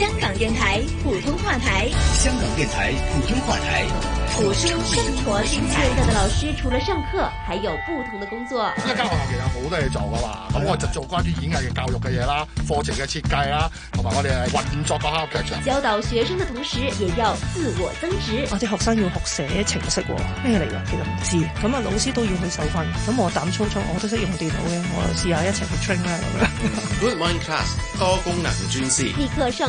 香港電台普通話台，香港電台普通話台，普通生活電台。現在老師除咗上課，還有不同嘅工作。因為學校其實好多嘢做噶嘛，咁、嗯、我就做關於演藝嘅教育嘅嘢啦，課程嘅設計啦，同埋我哋係運作個教學劇場。教導學生嘅同時，亦要自我增值。或者學生要學寫程式，啊，咩嚟噶？其實唔知。咁、嗯、啊，老師都要去受訓。咁我膽粗粗，我都識用電腦嘅，我試下一齊去 train 啦，啊。 Good morning class，多功能專師。立刻上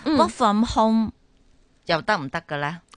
嗯、我 from home 行唔返工又得唔得嘅咧？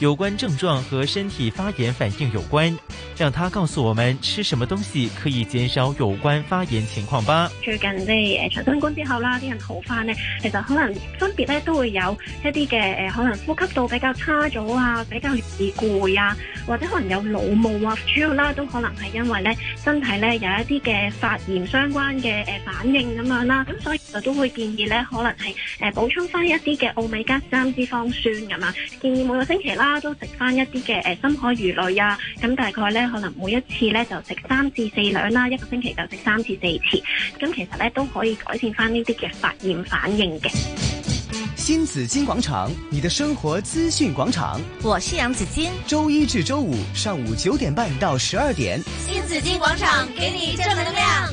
有關症狀和身體發炎反應有關，讓他告訴我們吃什麼東西可以減少有關發炎情況吧。最近即係誒長新冠之後啦，啲人好翻呢，其實可能分別咧都會有一啲嘅誒，可能呼吸道比較差咗啊，比較易攰啊，或者可能有腦霧啊，主要啦都可能係因為咧身體咧有一啲嘅發炎相關嘅誒、呃、反應咁樣啦，咁所以就都會建議咧可能係誒、呃、補充翻一啲嘅奧美加三脂肪酸咁啊，建議每個星期啦。大家都食翻一啲嘅誒，深海魚類啊，咁大概咧可能每一次咧就食三至四兩啦，一個星期就食三至四次，咁其實咧都可以改善翻呢啲嘅發炎反應嘅。新紫金廣場，你的生活資訊廣場。我係楊紫金，周一至周五上午九點半到十二點。新紫金廣場，給你正能量。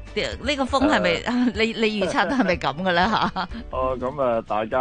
呢、這個風係咪、呃、你你預測都係咪咁嘅咧吓？ 哦，咁、呃、啊，大家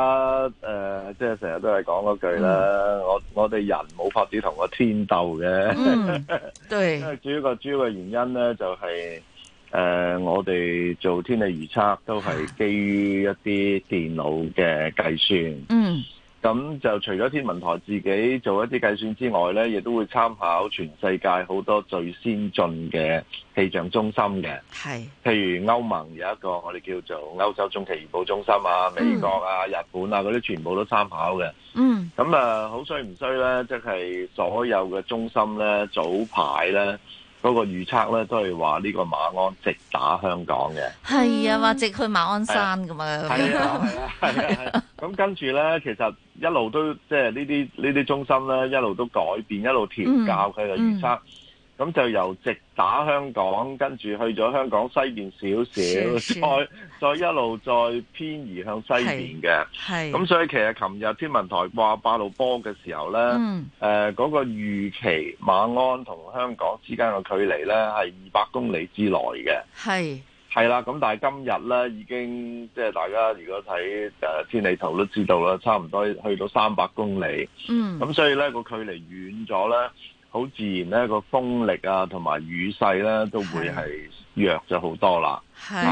誒、呃，即係成日都係講嗰句啦、嗯。我我哋人冇法子同個天鬥嘅、 嗯。對。因為主要個主要嘅原因咧，就係、是、誒、呃，我哋做天氣預測都係基於一啲電腦嘅計算。嗯。咁就除咗天文台自己做一啲計算之外呢，亦都會參考全世界好多最先進嘅氣象中心嘅，係，譬如歐盟有一個我哋叫做歐洲中期預報中心啊，美國啊、嗯、日本啊嗰啲全部都參考嘅，嗯，咁啊好衰唔衰呢？即係所有嘅中心呢，早排呢。嗰、那個預測咧都係話呢個馬鞍直打香港嘅，係啊，話、嗯、直去馬鞍山咁嘛。係啊，咁、 係啊、係啊、係啊、係啊、係啊、 跟住咧，其實一路都即係呢啲呢啲中心咧，一路都改變，一路調校佢嘅預測。嗯嗯。咁就由直打香港，跟住去咗香港西邊少少，少少再再一路再偏移向西邊嘅。係，咁所以其實琴日天，天文台話八號波嘅時候咧，誒、嗯、嗰、呃那個、預期馬鞍同香港之間嘅距離咧係二百公里之內嘅。係係啦，咁但係今日咧已經即係大家如果睇誒天氣圖都知道啦，差唔多去到三百公里。嗯，咁所以咧、那個距離遠咗咧。好自然咧，個風力啊，同埋雨勢咧，都會係弱咗好多啦。係，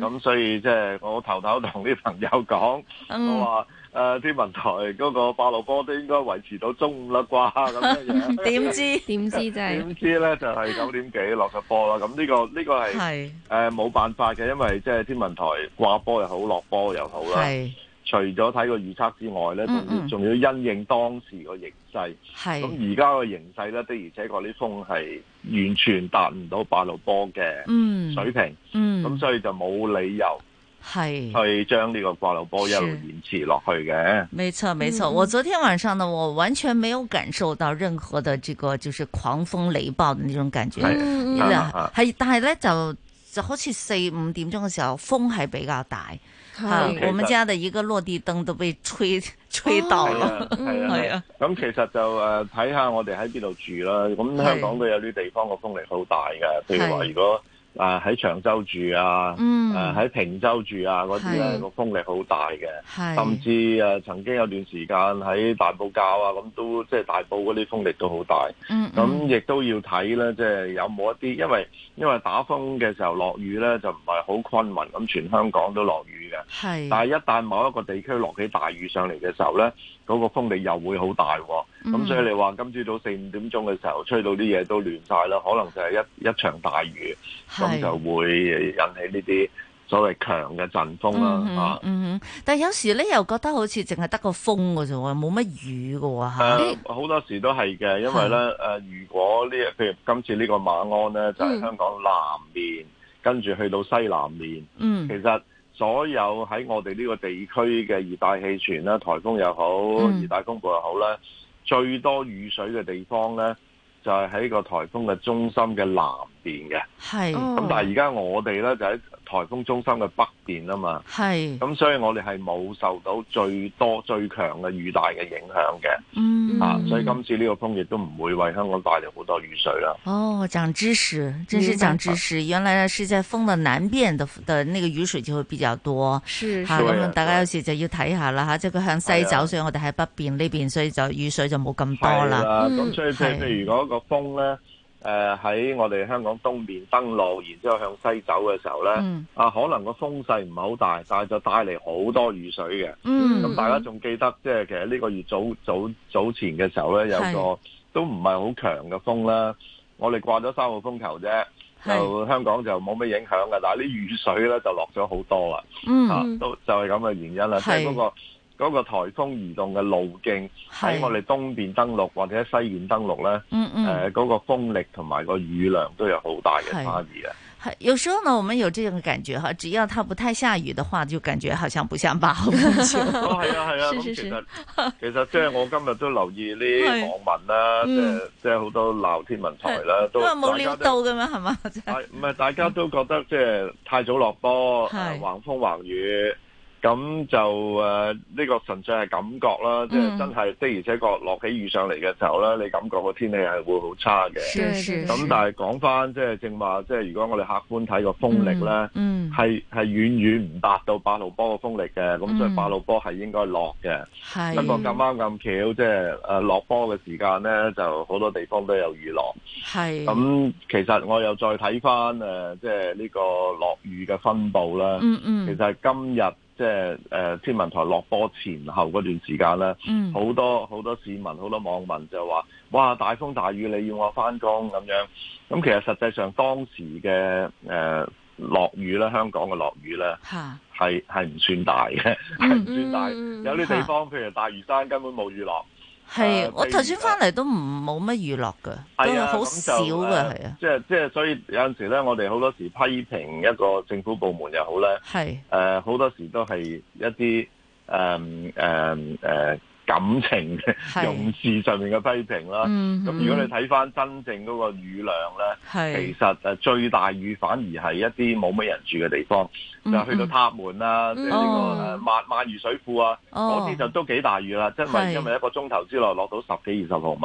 咁、嗯、所以即係我頭頭同啲朋友講、嗯，我話誒、呃、天文台嗰個八號波都應該維持到中午啦啩。咁 樣子 點知點知就係點知咧？就係、是、九點幾落咗波啦，咁呢個呢、呢個係誒冇辦法嘅，因為即係天文台掛波又好，落波又好啦。除咗睇個預測之外咧，仲、嗯嗯、要因應當時個形勢。係，咁而家個形勢咧，的而且確啲風係完全達唔到八號波嘅水平。嗯，咁、嗯、所以就冇理由係去將呢個八號波一路延遲落去嘅。沒錯，沒錯。我昨天晚上呢，我完全沒有感受到任何的這個就是狂風雷暴的那種感覺。是嗯係、嗯啊啊、但係咧就就好似四五點鐘嘅時候，風係比較大。啊、嗯！我們家的一個落地燈都被吹吹倒了係啊，係 啊。咁、啊啊、其實就誒睇下我哋喺邊度住啦。咁香港都有啲地方個風力好大嘅，譬如話如果。啊、呃！喺長洲住啊，喺、嗯呃、平洲住啊呢，嗰啲咧個風力好大嘅，甚至、呃、曾經有段時間喺大埔教啊，咁都即係大埔嗰啲風力都好大。咁、嗯、亦、嗯、都要睇咧，即、就、係、是、有冇一啲，因為因為打風嘅時候落雨咧，就唔係好均勻咁，全香港都落雨嘅。但係一旦某一個地區落起大雨上嚟嘅時候咧。嗰、那個風力又會好大，哦，咁、嗯、所以你話今朝早四五點鐘嘅時候吹到啲嘢都亂晒啦，可能就係一一場大雨，咁就會引起呢啲所謂強嘅陣風啦、啊、嗯，嗯但係有時咧又覺得好似淨係得個風㗎啫，冇乜雨㗎喎，好多時都係嘅。因為咧、呃、如果呢，譬如今次呢個馬鞍咧，就係、是、香港南面，嗯、跟住去到西南面，嗯、其實所有喺我哋呢個地區嘅熱帶氣旋啦、颱風又好、熱帶風暴又好咧，最多雨水嘅地方咧，就係、是、喺個颱風嘅中心嘅南。邊嘅係，咁、嗯、但係而家我哋咧就喺颱風中心嘅北邊啊嘛，係，咁、嗯、所以我哋係冇受到最多最強嘅雨帶嘅影響嘅、嗯，啊，所以今次呢個風亦都唔會為香港帶嚟好多雨水啦。哦，長知識，真是長知識，原來是在風嘅南邊的的那個雨水就會比較多，是、嗯啊、是，咁、啊、大家有時就要睇下啦，吓、啊，即係佢向西走，所以我哋喺北邊呢邊，所以就雨水就冇咁多啦。咁所以即係如果個風咧。嗯.誒、呃，喺我哋香港東面登陸，然之後，後向西走嘅時候咧、嗯，啊，可能個風勢唔係好大，但係就帶嚟好多雨水嘅。咁、嗯、大家仲記得，嗯、即係其實呢個月早早早前嘅時候咧，有個都唔係好強嘅風啦，我哋掛咗三個風球啫，就、嗯、香港就冇咩影響㗎，但係啲雨水咧就落咗好多啦、嗯。啊，都就係咁嘅原因啦，即係嗰個。嗰、那個颱風移動嘅路徑喺我哋東邊登陸或者西邊登陸咧，誒嗰、呃嗯嗯那個風力同埋個雨量都有好大嘅差異嘅。有時候呢，我們有這樣嘅感覺哈，只要它不太下雨的話，就感覺好像不像八號風球。係、 哦、啊係啊是是是、嗯，其實即係我今日都留意啲網民啦，即係即係好多鬧天文台啦，都冇料到嘅嘛係嘛？係唔係？大家，就是、大家都覺得 即係太早落波、呃，橫風橫雨。咁就誒呢、呃這個純粹係感覺啦，即、嗯、係、就是、真係的，而且確落起雨上嚟嘅時候咧，你感覺個天氣係會好差嘅。咁但係講翻即係正話，即、就、係、是、如果我哋客觀睇個風力咧，係係遠遠唔達到八號波嘅風力嘅，咁、嗯、所以八號波係應該落嘅。不過咁啱咁巧，即係誒落波嘅時間咧，就好多地方都有雨落。咁其實我又再睇翻誒即係呢個落雨嘅分布啦。其實係今日。即係誒天文台落波前後嗰段時間咧，好、嗯、多好多市民、好多網民就話：哇！大風大雨，你要我翻工咁樣？咁、嗯、其實實際上當時嘅誒落雨咧，香港嘅落雨咧，係係唔算大嘅，係唔算大、嗯嗯。有啲地方譬如大嶼山根本冇雨落。係，我頭先翻嚟都唔冇乜娛樂噶、啊，都好少噶，係啊，即係即係，所以有陣時咧，我哋好多時批評一個政府部門又好咧，係，誒、呃、好多時都係一啲誒誒誒。嗯嗯嗯感情嘅用字上面嘅批評啦，咁、嗯、如果你睇返真正嗰個雨量呢，其實誒最大雨反而係一啲冇乜人住嘅地方，就去到塔門啊，即呢個誒萬萬宜水庫啊，嗰、哦、啲就都幾大雨啦，即係因為一個鐘頭之內落到十幾二十毫米。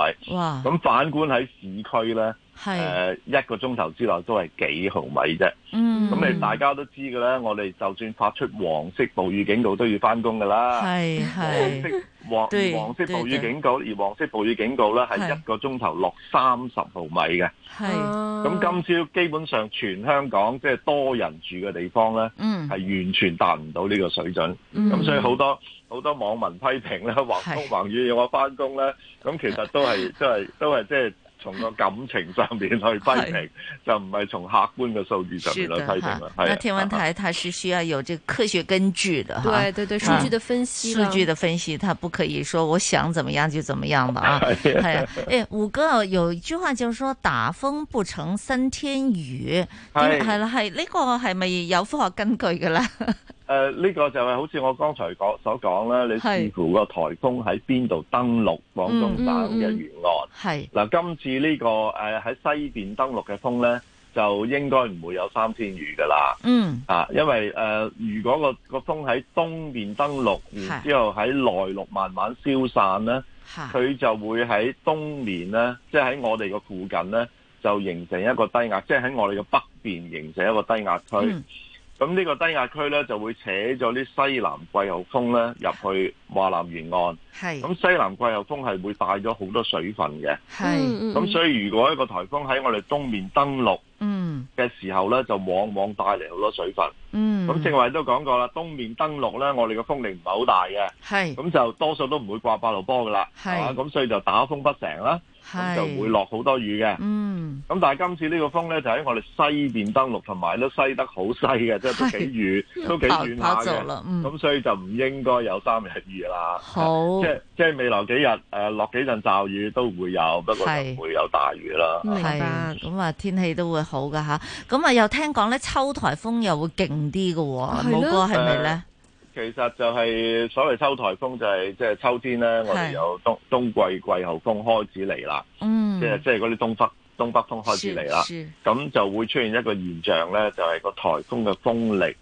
咁反觀喺市區呢，誒、呃、一個鐘頭之內都係幾毫米啫。咁、嗯、你大家都知嘅啦，我哋就算發出黃色暴雨警告都要返工㗎啦，黃色 黃色暴雨警告，而黃色暴雨警告咧係一個鐘頭落三十毫米嘅。咁今朝基本上全香港即係多人住嘅地方咧，係、嗯、完全達唔到呢個水準。咁、嗯、所以好多好、嗯、多網民批評咧，橫風橫雨要我翻工咧，咁其實都係即係都係即係。都係就係從個感情上面去批評，就唔係從客觀嘅數字上面去睇。係。那天文台，它是，是需要有這個科學根據的， 對對對，數 據的分析的。數據的分析，它不可以說我想怎麼樣就怎麼樣的啊。哎，誒，武哥有一句話，就是說打風不成三天雨，係係啦，係呢、這個係咪有科學根據噶啦？誒、呃，呢、這個就係好似我剛才講所講啦你視乎個台風喺邊度登陸廣東省嘅沿岸。係嗱、嗯嗯嗯呃，今次呢、這個誒喺、呃、西邊登陸嘅風呢就應該唔會有三千餘噶啦。嗯啊，因為誒、呃，如果個個風喺東面登陸，然之後喺內陸慢慢消散呢佢就會喺東面呢即係喺我哋個附近呢就形成一個低壓，即係喺我哋嘅北邊形成一個低壓區。嗯咁呢個低壓區呢，就會扯咗啲西南季候風呢入去華南沿岸。係咁，西南季候風係會帶咗好多水分嘅。係咁，所以如果一個颱風喺我哋東面登陸，嗯嘅時候呢，嗯、就往往帶嚟好多水分。嗯，咁正話都講過啦，東面登陸呢，我哋嘅風力唔係好大嘅。係咁就多數都唔會掛八號波噶啦。係咁所以就打風不成啦。係就會落好多雨嘅。嗯。咁但係今次呢個風咧，就喺我哋西邊登陸，同埋都西得好西嘅，即係都幾雨，都幾遠下嘅。咁、嗯、所以就唔應該有三日雨啦。好。啊、即係即未來幾日，落、啊、幾陣驟雨都會有，不過就唔會有大雨啦。明啊，咁、嗯、啊？天氣都會好㗎。咁啊，又聽講咧，秋颱風又會勁啲㗎喎。冇過係咪咧？其實就係所謂秋颱風，就係即係秋天咧，我哋有冬冬季季候風開始嚟啦，嗯，即係即係嗰啲東北東北風開始嚟啦，咁就會出現一個現象咧，就係、是、個颱風嘅風力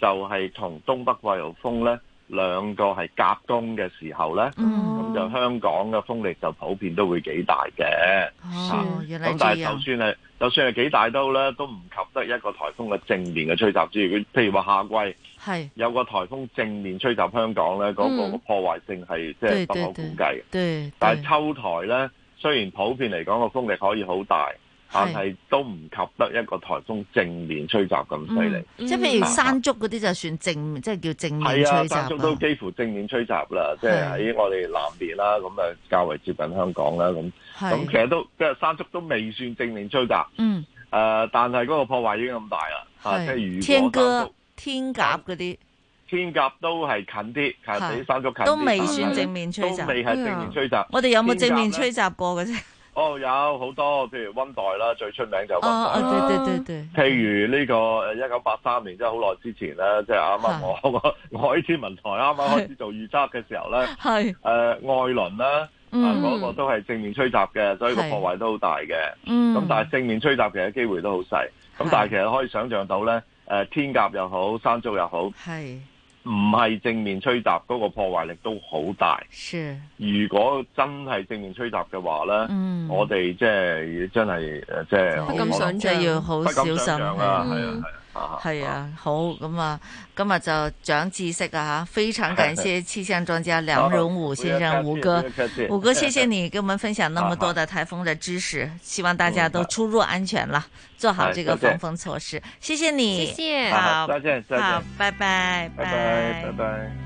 就係同東北季候風咧兩個係夾攻嘅時候咧，咁、嗯、就香港嘅風力就普遍都會幾大嘅，咁、哦啊、但係就算係就算係幾大都咧，都唔及得一個颱風嘅正面嘅吹襲之外，如果譬如話夏季。係有個台風正面吹襲香港咧，嗰、嗯，那個破壞性係即係不可估計嘅。但係秋台咧，雖然普遍嚟講個風力可以好大，是但係都唔及得一個台風正面吹襲咁犀利。即係譬如山竹嗰啲就算正，即、就、係、是、叫正面吹襲係啊，啊，山竹都幾乎正面吹襲，就是、啦，即係喺我哋南邊啦，咁啊較為接近香港啦，咁咁其實都即係山竹都未算正面吹襲。嗯。誒、呃，但係嗰個破壞已經咁大啦。係、啊就是。天哥。天鴿嗰啲，天鴿都係近啲，其實比山竹近啲，都未算正面吹襲，嗯、未係正面吹襲。我哋有冇正面吹襲過嘅啫？哦，有好多，譬如溫黛啦，最出名就溫黛。哦、啊啊啊，對對對對。譬如呢個一九八三年，即係好耐之前咧，即係啱啱我我天文台啱啱開始做預測嘅時候咧，係誒愛倫啦，啊嗰個都係正面吹襲嘅，所以個破壞都好大嘅。咁、嗯、但係正面吹襲其實機會都好細，咁但係其實可以想象到咧。誒、呃，天鴿又好，山竹又好，係唔係正面吹襲？嗰、那個破壞力都好大。是，如果真係正面吹襲嘅話咧、嗯，我哋即係真係即係，不咁想就要好小心。不係啊，好咁啊，今日就長知識啊吓，非常感謝氣象專家梁榮武先生，武、啊啊啊、哥，武哥謝謝你給我們分享那麼多的台風的知識，啊，希望大家都出入安全啦，啊，做好這個防風措施，啊，謝謝你謝謝好，好，再見，再見，好，拜拜，拜拜，拜拜。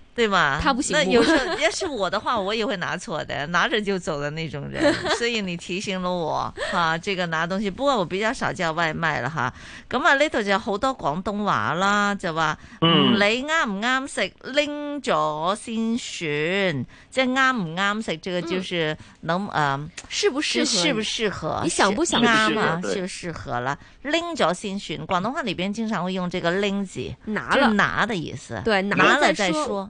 對嘛？他不行。那有時候，要是我的話，我也會拿錯的， 拿着就走的那種人。所以你提醒了我哈、 啊，這個拿東西，不過我比較少叫外賣了哈。咁啊，呢度就好多廣東話啦，就話嗯，你啱唔啱食，拎咗先選。即係啱唔啱食，這個就是能啊、嗯嗯，適不適合、嗯，適不適合，你想不想啱嘛？適不適合啦，拎咗先選。廣東話裏邊經常會用這個拎字，拿了、就是、拿的意思。對，拿了再說。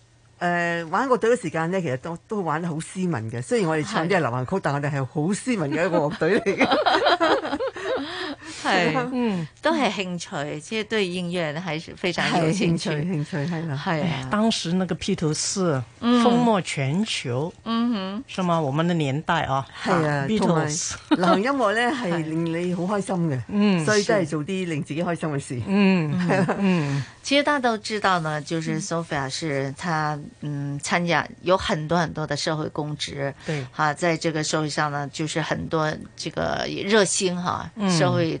誒、呃、玩樂隊嘅時間咧，其實都都玩得好斯文嘅。雖然我哋唱啲係流行曲，但我哋係好斯文嘅一個樂隊嚟嘅。 係、啊啊，嗯，都係興趣，即、就、係、是、對音樂還是非常有興趣，興趣係啦。係、啊哎、當時那個披頭四風靡全球，嗯哼，是嗎？我們的年代啊，係啊，同埋流行音樂呢係令你好開心嘅、 啊，嗯、啊，所以都係做啲令自己開心嘅事嗯、啊，嗯，嗯。 其實大家都知道呢，就是 Sophia 是，她嗯參加有很多很多的社會公職，對，哈、啊，在這個社會上呢，就是很多這個熱心哈、啊嗯、社會。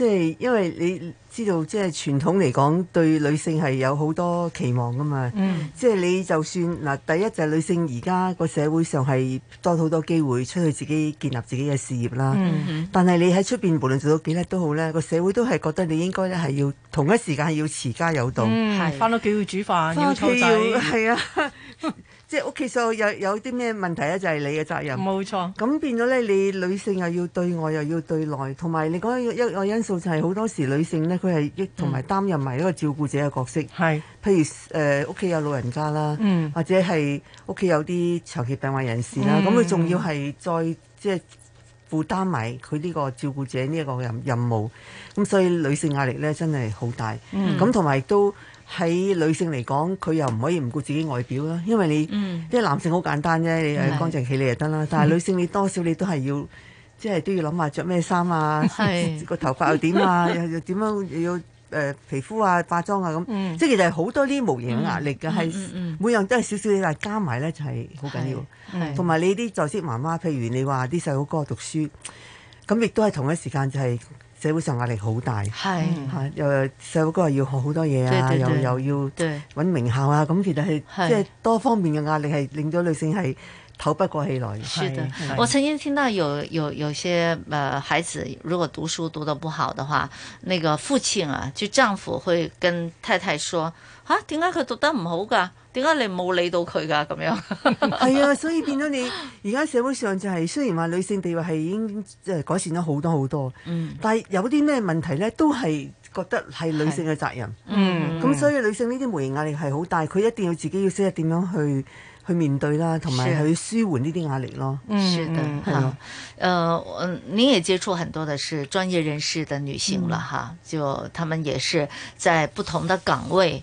即係因為你知道，即係傳統嚟講，對女性係有好多期望噶嘛。嗯、即係你就算嗱，第一就係女性而家個社會上係多咗好多機會出去自己建立自己嘅事業啦。嗯嗯、但係你喺出邊無論做到幾叻都好呢，個社會都係覺得你應該咧係要同一時間係要持家有道，翻到屋企要煮飯，要湊仔，係啊。 即係屋企所有有啲咩問題咧，就係你嘅責任。冇錯。咁變咗咧，你女性又要對外又要對內，同埋你講一個因素就係好多時女性咧，佢係同埋擔任埋一個照顧者嘅角色。係、嗯。譬如誒，屋企有老人家啦，嗯、或者係屋企有啲長期病患人士啦，咁佢仲要係再即係負擔埋佢呢個照顧者呢一個任任務。咁所以女性壓力咧真係好大。咁同埋都。喺女性嚟講，佢又唔可以唔顧自己外表啦，因為你即係、嗯、男性好簡單啫，你乾淨起你就得啦。但係女性你多少你都係要，即、就、係、是、都要諗下着咩衫啊，個 頭髮又點啊， 又點樣要誒皮膚啊、化妝啊咁、嗯，即係其實好多啲無形嘅壓力嘅，係、嗯嗯嗯、每樣都係少少，但係加埋咧就係好緊要。同埋你啲在職媽媽，譬如你話啲細佬哥讀書，咁亦都係同一時間就係、是。社會上壓力好大，係嚇，又細佬哥又要學好多嘢啊，又有要對對對又要揾名校啊，咁其實係即係多方面嘅壓力係令到女性係透不過氣來的。是的，我曾經聽到有有有些誒、呃、孩子如果讀書讀得不好的話，那個父親啊，就丈夫會跟太太說：嚇，點解佢讀得唔好㗎？點解你冇理到佢噶咁樣 ？係啊，所以變咗你而家社會上就係、是、雖然話女性地位係已經誒改善咗好多好多，嗯、但係有啲咩問題呢？都係覺得係女性嘅責任。嗯，咁、嗯、所以女性呢啲無形壓力係好大，佢一定要自己要識得點樣去去面對啦，同埋去舒緩呢啲壓力咯。嗯，是的，哈，誒、啊呃，你也接觸很多的是專業人士的女性了，哈、嗯啊，就他們也是在不同的崗位。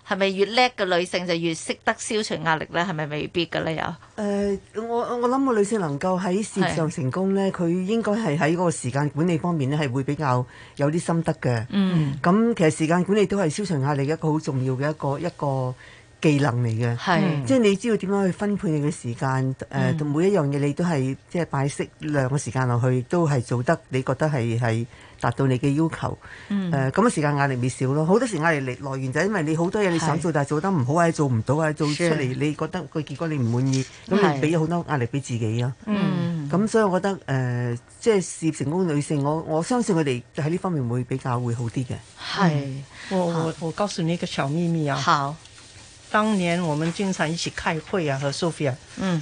係咪越叻嘅女性就越識得消除壓力咧？係咪未必㗎咧？又、呃、誒，我我諗個女性能夠喺事業上成功咧，佢應該係喺個時間管理方面咧係會比較有啲心得嘅。嗯，咁、嗯、其實時間管理都係消除壓力一個好重要嘅一個一個技能嚟嘅。係，即、就、係、是、你知道點樣去分配你嘅時間誒、呃嗯？每一樣嘢你都係即係擺適量嘅時間落去，都係做得你覺得係係。是達到你嘅要求，誒咁啊時間壓力咪少咯，好多時壓力嚟來源就係因為你好多嘢你想做，是但係做得唔好啊，做唔到啊，做出嚟你覺得個結果你唔滿意，咁你俾好多壓力俾自己咯、啊。嗯，咁、嗯、所以我覺得誒，即、呃、係、就是、事業成功女性，我我相信佢哋喺呢方面會比較會好啲嘅。係，我我我告訴你一個小秘密啊。好，當年我們經常一起開會啊，和 Sophia。嗯。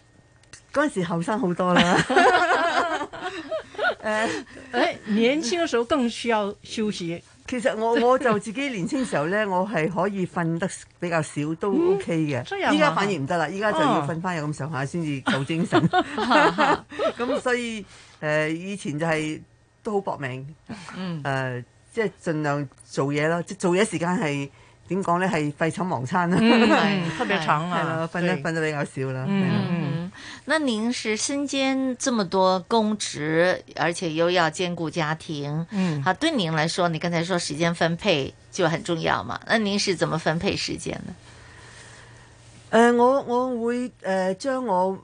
嗰陣時後生好多啦，誒誒年輕嘅、 呃哎、時候更需要休息。其實我我就自己年輕嘅時候咧，我係可以瞓得比較少都 OK 嘅。依、嗯、家、啊、反而唔得啦，依家就要瞓翻有咁上下先至夠精神。咁 所以誒、呃、以前就係都好搏命，嗯、誒即係儘量做嘢咯，即、就、係、是、做嘢時間係。點講呢？係廢寢忘餐啦、嗯 嗯，特別慘啦，瞓得瞓得比較少啦。嗯，那您是身兼這麼多公職，而且又要兼顧家庭，嗯、啊，對您來說，你剛才說時間分配就很重要嘛？那您是怎麼分配時間呢？誒、呃，我我會誒，將、呃、我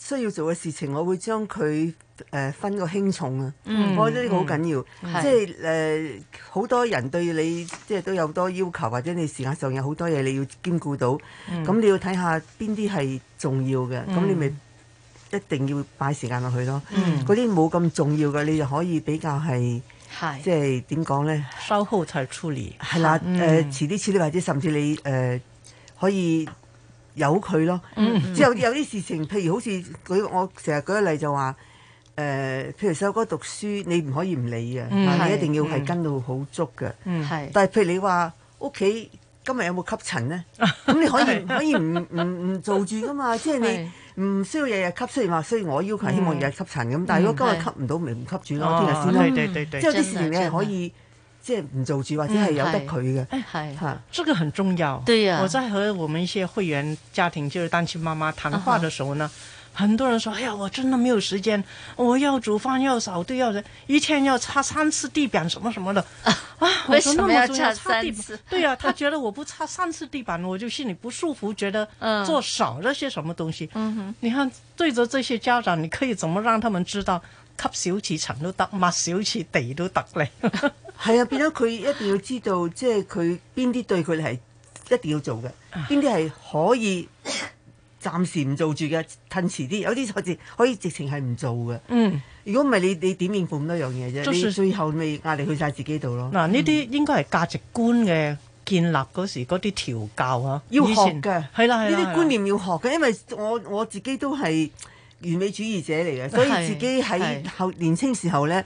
需要做嘅事情，我會將佢。誒、呃、分個輕重啊、嗯！我覺得呢個好緊要，嗯嗯、即係誒好多人對你即係都有多要求，或者你時間上有好多嘢你要兼顧到，咁、嗯、你要睇下邊啲係重要嘅，咁、嗯、你咪一定要擺時間落去咯。嗰啲冇咁重要嘅，你就可以比較係、嗯，即係點講咧？稍後再處理。係、嗯、啦，誒、呃、遲啲遲啲，或者甚至你誒、呃、可以由佢咯。即、嗯、後有啲事情，譬如好似舉我成日舉個例就話。誒、呃，譬如細個讀書，你唔可以唔理啊！嗯、但你一定要係跟到好足嘅、嗯。但係譬如你話屋企今日有冇吸塵呢？咁、嗯嗯、你可以 可以唔唔唔做住噶嘛？ 即係你唔需要日日吸，雖然話雖然我要求、嗯、希望日日吸塵咁，但係如果今日吸唔到，咪唔吸住咯。即係有啲事情咧可以即係唔做住或者係由得佢嘅。係、嗯，係，呢、這個、很重要。對啊，我真係同我們一些會員家庭，就是單親媽媽談話的時候呢。Uh -huh, 很多人說：“哎呀，我真的沒有時間，我要煮飯，要掃地，要人一天要擦三次地板什麼什麼的啊，什麼啊！”為什麼要擦三次？對呀，啊，他覺得我不擦三次地板，我就心裏不舒服，覺得做少了些什麼東西。嗯，你看對着這些家長，你可以怎麼讓他們知道，吸少啲塵都得，抹少啲地都得嘞。 是啊，變咗佢一定要知道，即係佢邊啲對佢係一定要做嘅，邊啲係可以。 暫時唔做住嘅，褪遲啲，有啲甚至可以直情係唔做嘅。嗯，如果唔係你你點應付咁多樣嘢啫？你最後咪壓力去晒自己度咯。嗱，呢啲應該係價值觀嘅建立嗰時嗰啲調教啊、嗯，要學嘅，係啦係啦，呢啲觀念要學嘅，因為我我自己都係。完美主義者嚟嘅，所以自己喺後年青時候咧，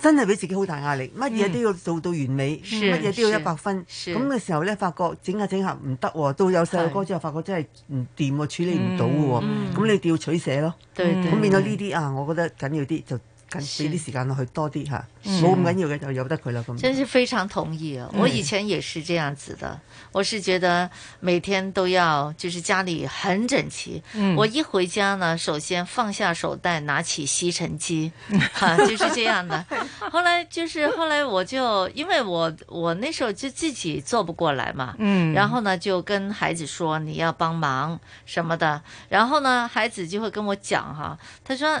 真係俾自己好大壓力，乜嘢都要做到完美，乜、嗯、嘢都要一百分。咁嘅時候咧，發覺整下整下唔得，到有細路哥之後，發覺真係唔掂喎，處理唔到嘅喎。咁、嗯、你要取捨咯。咁變咗呢啲啊，我覺得緊要啲就。俾啲時間落去多啲吓，冇咁緊要嘅就由得佢啦。咁真是非常同意、嗯，我以前也是這樣子的。我是覺得每天都要，就是家裏很整齊、嗯。我一回家呢，首先放下手袋，拿起吸塵機，哈、 啊，就是這樣的。後來就是後來，我就因為我我那時候就自己做不過來嘛，嗯，然後呢就跟孩子說你要幫忙什麼的，然後呢孩子就會跟我講哈，他說。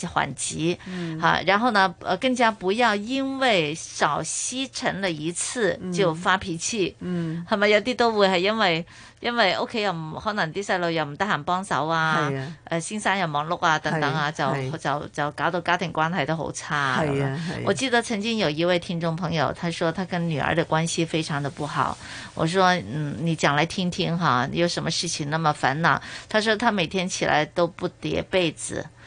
就緩急，哈、嗯啊，然後呢，呃，更加不要因為少吸塵了一次就發脾氣，嗯，係、嗯、咪有啲都會係因為因為屋企又唔可能啲細路又唔得閒幫手啊，誒、啊，先、呃、生又忙碌啊等等啊，啊就啊就就，就，就搞到家庭關係都好差，係啊，啊，我記得曾經有一位聽眾朋友，他說他跟女兒的關係非常的不好，我說，嗯，你講來聽聽哈，你有什麼事情那麼煩惱？他說他每天起來都不疊被子。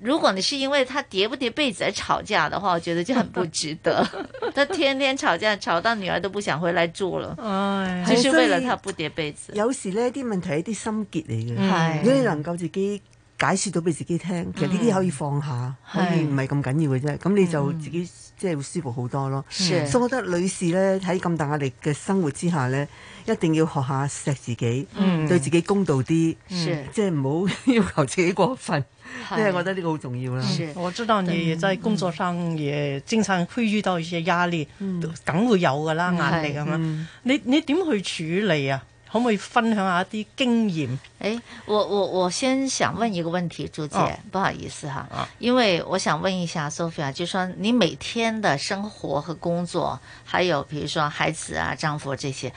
如果你是因為他疊不疊被子而吵架的話，我覺得就很不值得。 他天天吵架，吵到女兒都不想回來住了。哎，就是為了他不疊被子。有時呢啲問題係啲心結嚟嘅，如、嗯、果你能夠自己解釋到俾自己聽，其實呢啲可以放下，嗯、可以唔係咁緊要嘅啫。咁、嗯、你就自己、嗯、即係會舒服好多咯。所以我覺得女士呢，喺咁大壓力嘅生活之下呢，一定要學下錫自己、嗯，對自己公道啲，即係唔好要求自己過分。即係我覺得呢個好重要啦、嗯。我知道你在工作上也經常會遇到一些壓力，梗、嗯、會有㗎啦，壓力咁樣。你你點去處理啊？可唔可以分享一下一啲經驗？誒、哎，我我我先想問一個問題，朱姐，哦、不好意思吓、啊，因為我想問一下 Sophia，啊、就說你每天的生活和工作，還有譬如說孩子啊、丈夫這些，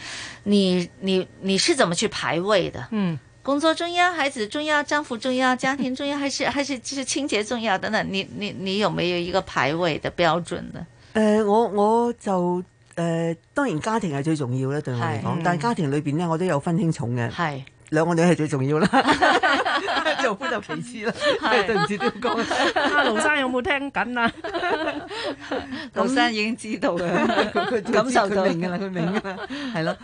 你你你，你是怎麼去排位的？嗯。工作重要，孩子重要，丈夫重要，家庭重要，還是 還是是清潔重要？等等，你你你有沒有一個排位的標準呢？誒、呃，我我就誒、呃，當然家庭係最重要咧，對我嚟講，但係家庭裏邊咧，我都有分輕重嘅。係。兩個女係最重要啦，丈 夫 就其次啦。係，都唔知點講。阿盧生有冇聽緊啊？盧，生，有有啊 盧生已經知道嘅， 感受就明嘅啦，佢明嘅啦。係 咯，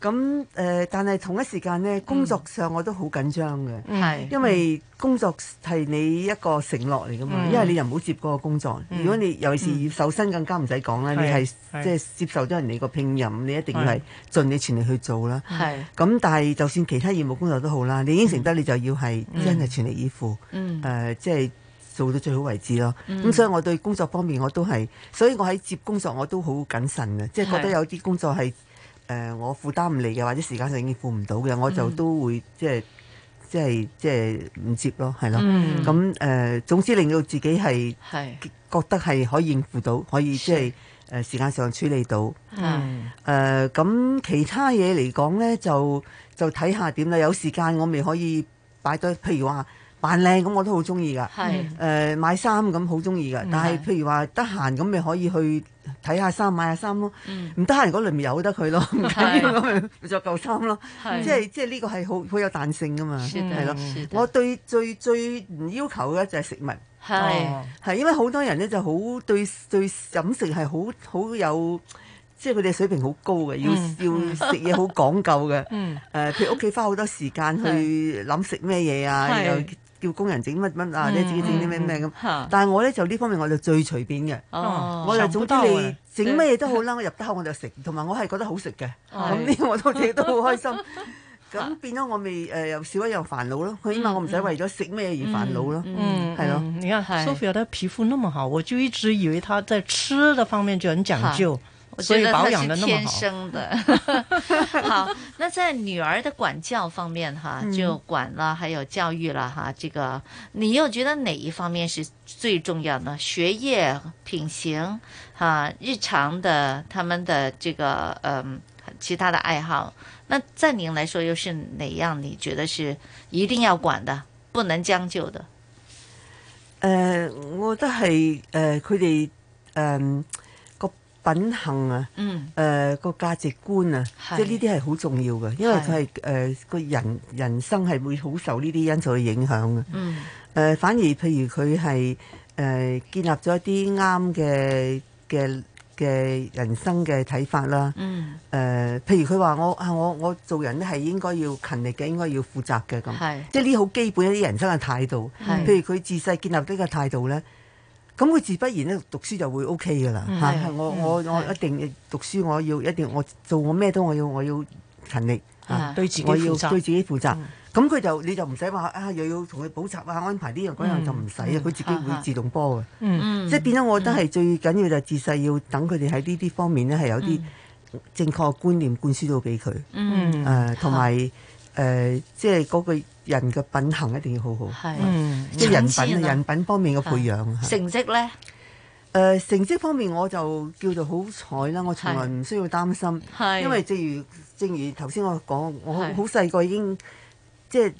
咁誒、呃，但係同一時間咧、嗯，工作上我都好緊張嘅。因為工作係你一個承諾嚟㗎嘛、嗯。因為你又唔好接嗰個工作，嗯、如果你尤其是要受薪，更加唔使講啦。你係即係接受咗人哋個聘任，你一定要係盡你全力去做啦。係。咁、嗯、但係，就算其他個工作都好啦，你應承得你就要係真係全力以赴，誒、嗯、即、呃、係、就是、做到最好為止咯。咁、嗯嗯、所以我對工作方面我都係，所以我喺接工作我都好謹慎嘅，即、就、係、是、覺得有啲工作係誒我負擔唔嚟嘅，或者時間上應付唔到嘅，我就都會、嗯、即係即係即係唔接咯，係咯。咁、呃、誒，總之令到自己係係覺得係可以應付到，可以即係。誒時間上處理到，誒、嗯、咁、呃、其他嘢嚟講咧，就就睇下點啦。有時間我咪可以擺多，譬如話扮靚咁，我都好中意噶。誒、呃、買衫咁好中意噶，但係譬如話得閒咁，咪可以去睇下衫、買下衫咯。唔得閒嗰輪咪由得佢咯，著舊衫咯。即係即係呢個係好好有彈性噶嘛。係咯，我對最最唔要求嘅就係食物。係係，因為好多人咧就好對對飲食係好好有，即係佢哋水平好高嘅，要要食嘢好講究嘅。嗯。誒，譬如屋企花好多時間去諗食咩嘢啊，又叫工人整乜乜啊，你、嗯、自己整啲咩咩咁。但係我咧就呢方面我就最隨便嘅、哦。我就總之你整咩嘢都好啦，我、嗯、入得口、啊、我就食，同埋我係覺得好食嘅。係。咁呢，我自己都亦都好開心。 咁變咗我咪誒又少一樣煩惱咯，起、嗯、碼我唔使為咗食咩而煩惱咯，係咯，你又係。Sophia，中文、嗯嗯嗯嗯啊哎、的皮膚那麼好，我就一直以為她在吃的方面就很講究，所以保養得的那麼好。天生的。中文嗯、 好，那在女兒的管教方面，哈，就管啦，還有教育啦，哈，這個你又覺得哪一方面是最重要呢？學業、品行，哈，日常的他們的這個，嗯、呃。其他的愛好，那在您來說又是哪樣？你覺得是一定要管的，不能將就的？誒、呃，我覺得係誒，佢哋誒個品行啊，誒、呃、個價值觀啊，嗯、即係呢啲係好重要嘅，因為佢係誒個人人生係會好受呢啲因素嘅影響噶。誒、嗯呃，反而譬如佢係誒建立咗一啲啱嘅嘅。嘅人生嘅睇法啦，誒、呃，譬如佢話：「我啊，我我做人咧係應該要勤力嘅，應該要負責嘅咁，即係呢好基本一啲人生嘅態度。譬如佢自細建立呢個態度咧，咁佢自不然咧讀書就會 OK 㗎啦嚇。我我我一定讀書，我要一定我做我咩都我要我要勤力嚇、啊，對自己負責，我要對自己負責。嗯咁佢就你就唔使話啊，又要同佢補習啊，安排呢樣嗰樣就唔使啊，佢、嗯嗯、自己會自動波嘅。即、嗯、係、嗯嗯、變咗，我覺得係最緊要就係、嗯、自細要等佢哋喺呢啲方面咧係有啲正確嘅觀念灌輸到俾佢。同、嗯、埋、嗯呃嗯呃、即係嗰個人嘅品行一定要好好。即、嗯係、人品人品方面嘅培養。嗯、成績咧、呃？成績方面我就叫做好彩啦，我從來唔需要擔心，因為正如正如頭先我講，我好細個已經。即係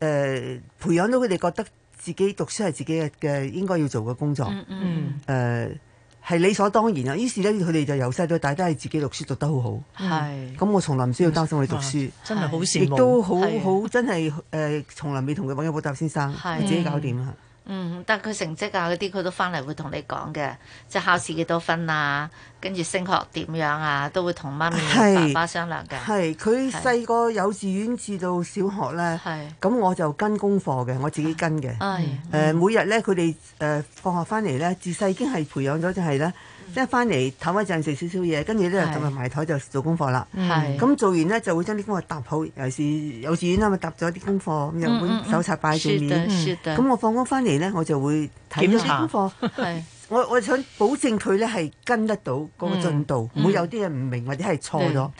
誒培養到佢哋覺得自己讀書係自己嘅嘅應該要做嘅工作，誒、嗯、係、嗯呃、理所當然啊！於是咧佢哋就由細到大都係自己讀書讀得好好，係、嗯、咁、嗯嗯、我從來唔需要擔心佢哋讀書，啊、真係好羨慕，亦都好好真係誒從來未同佢揾過補習先生，自己搞掂啦。嗯，但佢成績啊嗰啲，佢都翻嚟會同你講嘅，即係考試幾多分啊，跟住升學點樣啊，都會同媽咪爸爸商量嘅。係佢細個幼稚園至到小學咧，咁我就跟功課嘅，我自己跟嘅。係誒、呃嗯，每日咧佢哋誒放學翻嚟咧，自細已經係培養咗就係咧。即係翻嚟唞一陣，食少少嘢，跟住咧就撳埋埋台就做功課啦。咁、嗯、做完咧就會將啲功課搭好，尤其是幼稚園啦、啊，咪搭咗啲功課，嗯、有本手冊擺前面。咁、嗯、我放工翻嚟咧，我就會睇咗啲功課。 我我想保證佢咧係跟得到個進度，唔、嗯、會有啲嘢唔明或者係錯咗。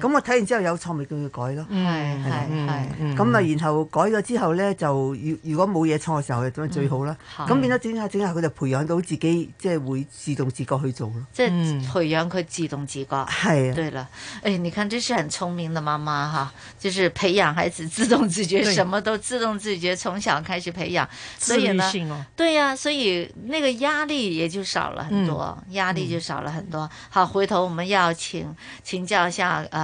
咁 我睇完之後有錯咪叫佢改咯。係係係咁啊，然後改咗之後呢，就如如果冇嘢錯嘅時候就最好啦。咁變咗整下整下佢就培養到自己即係會自動自覺去做咯。即係培養佢自動自覺。係啊。對啦，哎，你看啲是很聰明的媽媽哈，就是培養孩子自動自覺，什麼都自動自覺，從小開始培養、啊。所以呢，對對、啊、呀，所以那個壓力也就少了很多，壓、嗯、力就少了很多、嗯。好，回頭我們要請請教一下、呃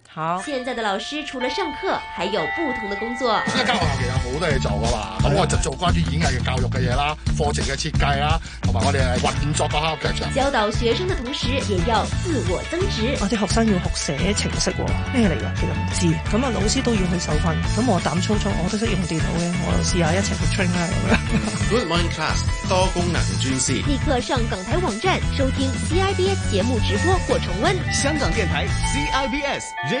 好，現在的老師除了上課，還有不同的工作。因為教學校其實好多嘢做噶嘛，咁我就做關於演藝嘅教育嘅嘢啦，課程嘅設計啦、啊，同埋我哋係運作個學校嘅上。教導學生嘅同時，亦要自我增值。我啲學生要學寫程式、哦，咩嚟噶？其實唔知道。咁啊，老師都要去受訓。咁我膽粗粗，我都識用電腦嘅，我試下一齊去 train 啦、啊。Good morning class，多功能鑽石。立刻上港台網站收聽 CIBS 節目直播或重溫。香港電台 CIBS。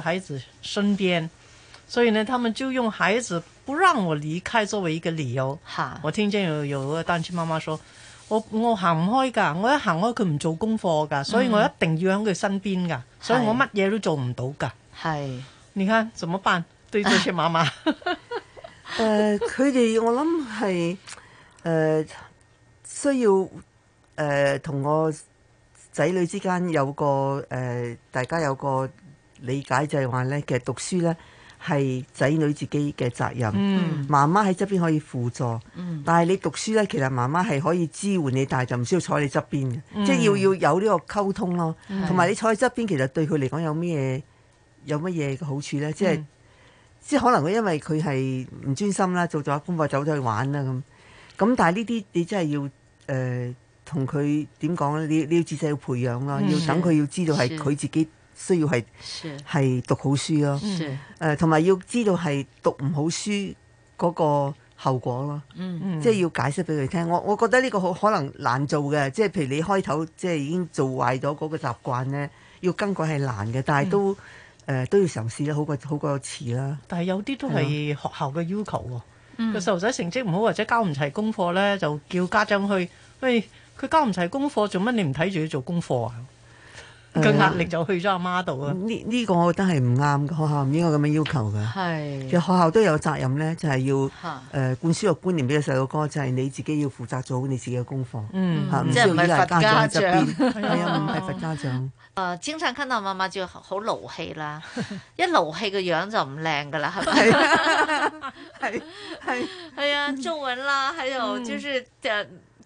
孩子身邊，所以呢，他們就用孩子不讓我離開作為一個理由。吓，我聽見有有個單親媽媽說我我行唔開噶，我一行開佢唔做功課噶，所以我一定要喺佢身邊噶，所以我乜嘢都做唔到噶。係，你看怎麼辦？對這些媽媽，誒、 呃，佢哋我諗係誒需要誒、呃、同我仔女之間有個誒、呃、大家有個。理解就係話咧，其實讀書咧係仔女自己嘅責任，嗯、媽媽喺側邊可以輔助，嗯、但係你讀書咧，其實媽媽係可以支援你，但係就唔需要坐喺你側邊嘅、嗯，即係要要有呢個溝通咯。同、嗯、埋你坐喺側邊，其實對佢嚟講有咩有乜嘢嘅好處咧、嗯？即係即係可能佢因為佢係唔專心啦，做咗功課走咗去玩啦咁。咁但係呢啲你真係要誒同佢點講咧？呃、跟他怎麼呢你要，你要自細要培養咯，要等佢要知道係佢自己。需要係係讀好書咯，誒同埋要知道係讀唔好書嗰個後果咯，嗯，即係要解釋俾佢聽。我我覺得呢個好可能難做嘅，即係譬如你開頭即係已經做壞咗嗰個習慣咧，要更改係難嘅，但係都誒，嗯，呃，都要嘗試啦，好過好過遲啦。但係有啲都係學校嘅要求喎，個細路仔成績唔好或者交唔齊功課咧，就叫家長去，喂，佢交唔齊功課做乜？你唔睇住佢做功課啊？個壓力就去咗阿媽度啊！呢呢、嗯這個我覺得係唔啱嘅，學校唔應該咁樣要求嘅。係，其實學校都有責任咧，就係、是、要誒、啊呃、灌輸個觀念俾個細路哥，就係、是、你自己要負責做好你自己嘅功課。嗯，即係唔係佛家長係啊，唔、嗯、佛家長。誒、 啊，佛家長 經常看到媽媽就好勞氣啦， 一勞氣個樣就唔靚噶啦，係咪？係係係啊，做緊啦，喺度， 是啊、就是。嗯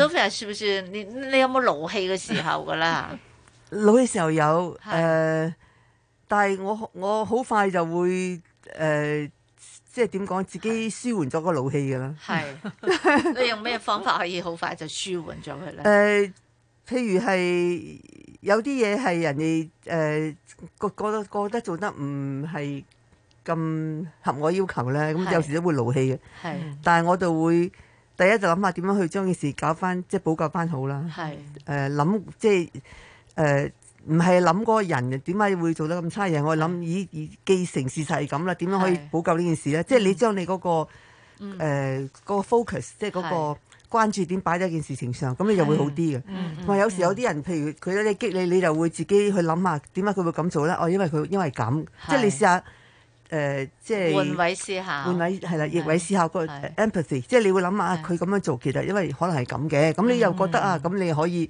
咁平係算唔算？你你有冇勞氣嘅時候噶啦？勞氣時候有，誒、呃，但係我我好快就會誒、呃，即係點講？自己舒緩咗個勞氣噶啦。係， 你用咩方法可以好快就舒緩咗佢咧？誒、呃，譬如係有啲嘢，係人哋誒、呃，覺得覺得做得唔係咁合我要求咧，咁有時都會勞氣嘅。係，但係我就會。第一就諗下點樣去將件事搞翻，即係補救翻好啦。係誒諗，即係誒唔係諗嗰個人點解會做得咁差嘅。我諗已已既成事實係咁啦，點樣可以補救呢件事咧？即係你將你嗰、嗰個誒、嗯呃嗰個、focus，即係嗰個關注點擺喺一件事情上，咁你就會好啲嘅。同埋、嗯嗯嗯、有時有啲人，譬如佢咧激你，你就會自己去諗下點解佢會咁做咧。哦，因為佢因為咁，即係你試下。誒、呃，即係換位思考，換位係啦，逆位思考、嗰個 empathy，即係你會諗下，佢、啊、咁樣做其實因為可能係咁嘅，咁你又覺得啊，咁你可以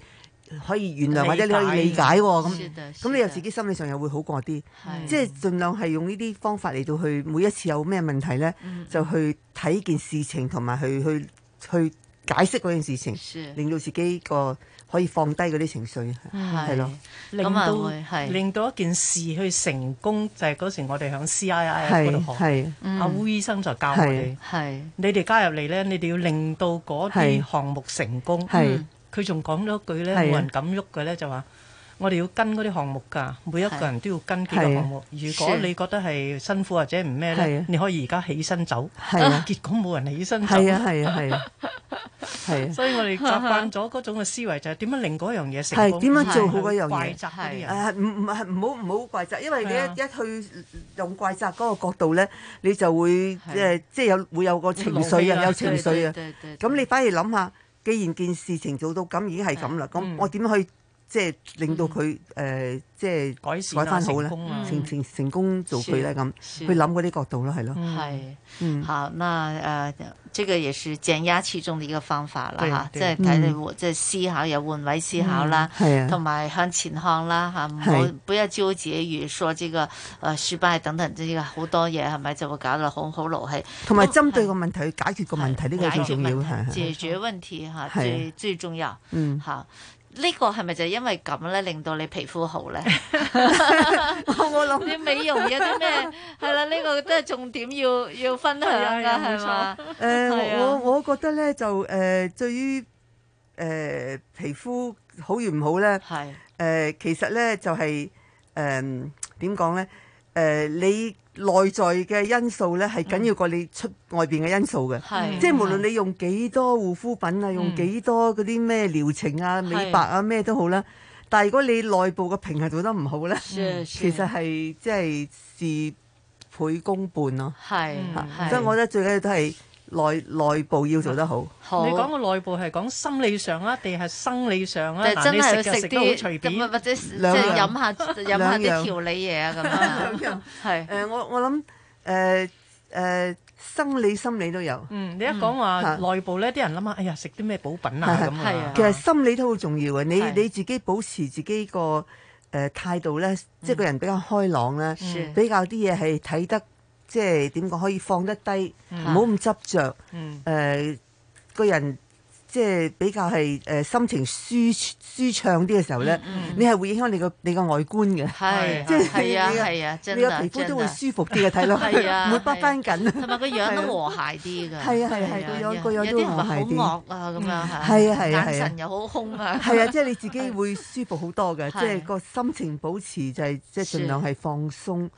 可以原諒、嗯、或者你可以理解喎，咁咁你又自己心理上又會好過啲，即係盡量係用呢啲方法嚟到去每一次有咩問題咧，就去睇件事情同埋去去去。去去解釋嗰件事情，令到自己個可以放低嗰啲情緒，係咯，令到會令到一件事去成功，就係、是、嗰時我哋響 CII 嗰度學，阿烏、啊嗯、醫生就教我哋，你哋加入嚟咧，你哋要令到嗰啲項目成功，佢仲講咗句咧，冇人敢喐嘅咧就話。我哋要跟嗰啲項目㗎，每一個人都要跟幾個項目。如果你覺得係辛苦或者唔咩咧，你可以而家起身走。結果冇人起身走。係啊，係啊，係啊，係啊！所以我哋習慣咗嗰種嘅思維就係點樣令嗰樣嘢成功？點樣做好嗰樣嘢？怪責嗰啲人啊，唔唔，係唔好唔好，怪責，因為你一去用怪責嗰個角度咧，你就會即係即係有會有個情緒啊，有情緒啊。咁你反而諗下，既然件事情做到咁已經係咁啦，咁我點去？即、就、係、是、令到佢即係改善改翻好成功成、嗯、成，成，成功做佢咧咁，去諗嗰啲角度咯，係咯。係，嗯。嚇，嗱誒、呃，這個也是減壓其中的一個方法啦，嚇。即係睇你即係思考有換位思考啦，同埋、嗯啊、向前看啦，嚇、啊。唔好不要糾結自己預算，這個個誒失敗等等呢個好多嘢係咪就會搞到好好勞氣。同埋針對個問題去解決個問題，呢個最重要。解決問題解決問題、啊、最、啊、最重要、啊。嗯，好。呢、這個係咪就是因為咁咧，令到你皮膚好咧？我冇諗啲美容有啲咩係啦？呢、 這個都係重點要，要要分享㗎，係 嘛？誒、呃，我我覺得咧，就誒對、呃、於誒、呃、皮膚好與唔好咧，係誒、呃、其實咧就係誒點講咧？誒、呃呃、你。內在嘅因素咧，係緊要過你出外邊嘅因素嘅。嗯，即係無論你用幾多護膚品啊，嗯，用幾多嗰啲咩療程啊、嗯、美白啊咩都好啦。但係如果你內部嘅平衡做得唔好咧，其實係即係事倍功半咯，啊。係，啊，所以我覺得最緊要都係。內內部要做得好，好你講個內部係講心理上啊，定係生理上啊？但係真係要食啲，或者即係飲下飲下啲調理嘢啊咁啊。兩樣係、呃、我我諗誒誒，生理心理都有。嗯，你一講話內部咧，啲人諗下，哎呀，食啲咩補品啊咁啊。其實心理都好重要嘅，你你自己保持自己個誒態度咧，即係個人比較開朗咧，比較啲嘢係睇得。即係點講？可以放得低，唔好咁執着。誒，個人。即、就、係、是、比較係誒心情舒舒暢啲嘅時候咧、嗯嗯，你係會影響你個你個外觀嘅，即、嗯、係、啊就是、你個、啊啊、皮膚都會舒服啲嘅睇落去，唔會鬱翻緊啦，同埋個樣都和諧啲嘅。係啊係啊，個、啊啊啊 yeah, yeah 啊嗯、樣個樣都和諧啲，有啲人好惡啊咁啊係，yes, 眼神又好空啊，係啊，即 係、啊就是、你自己會舒服好多嘅，即係個心情保持就係即係儘量係放鬆，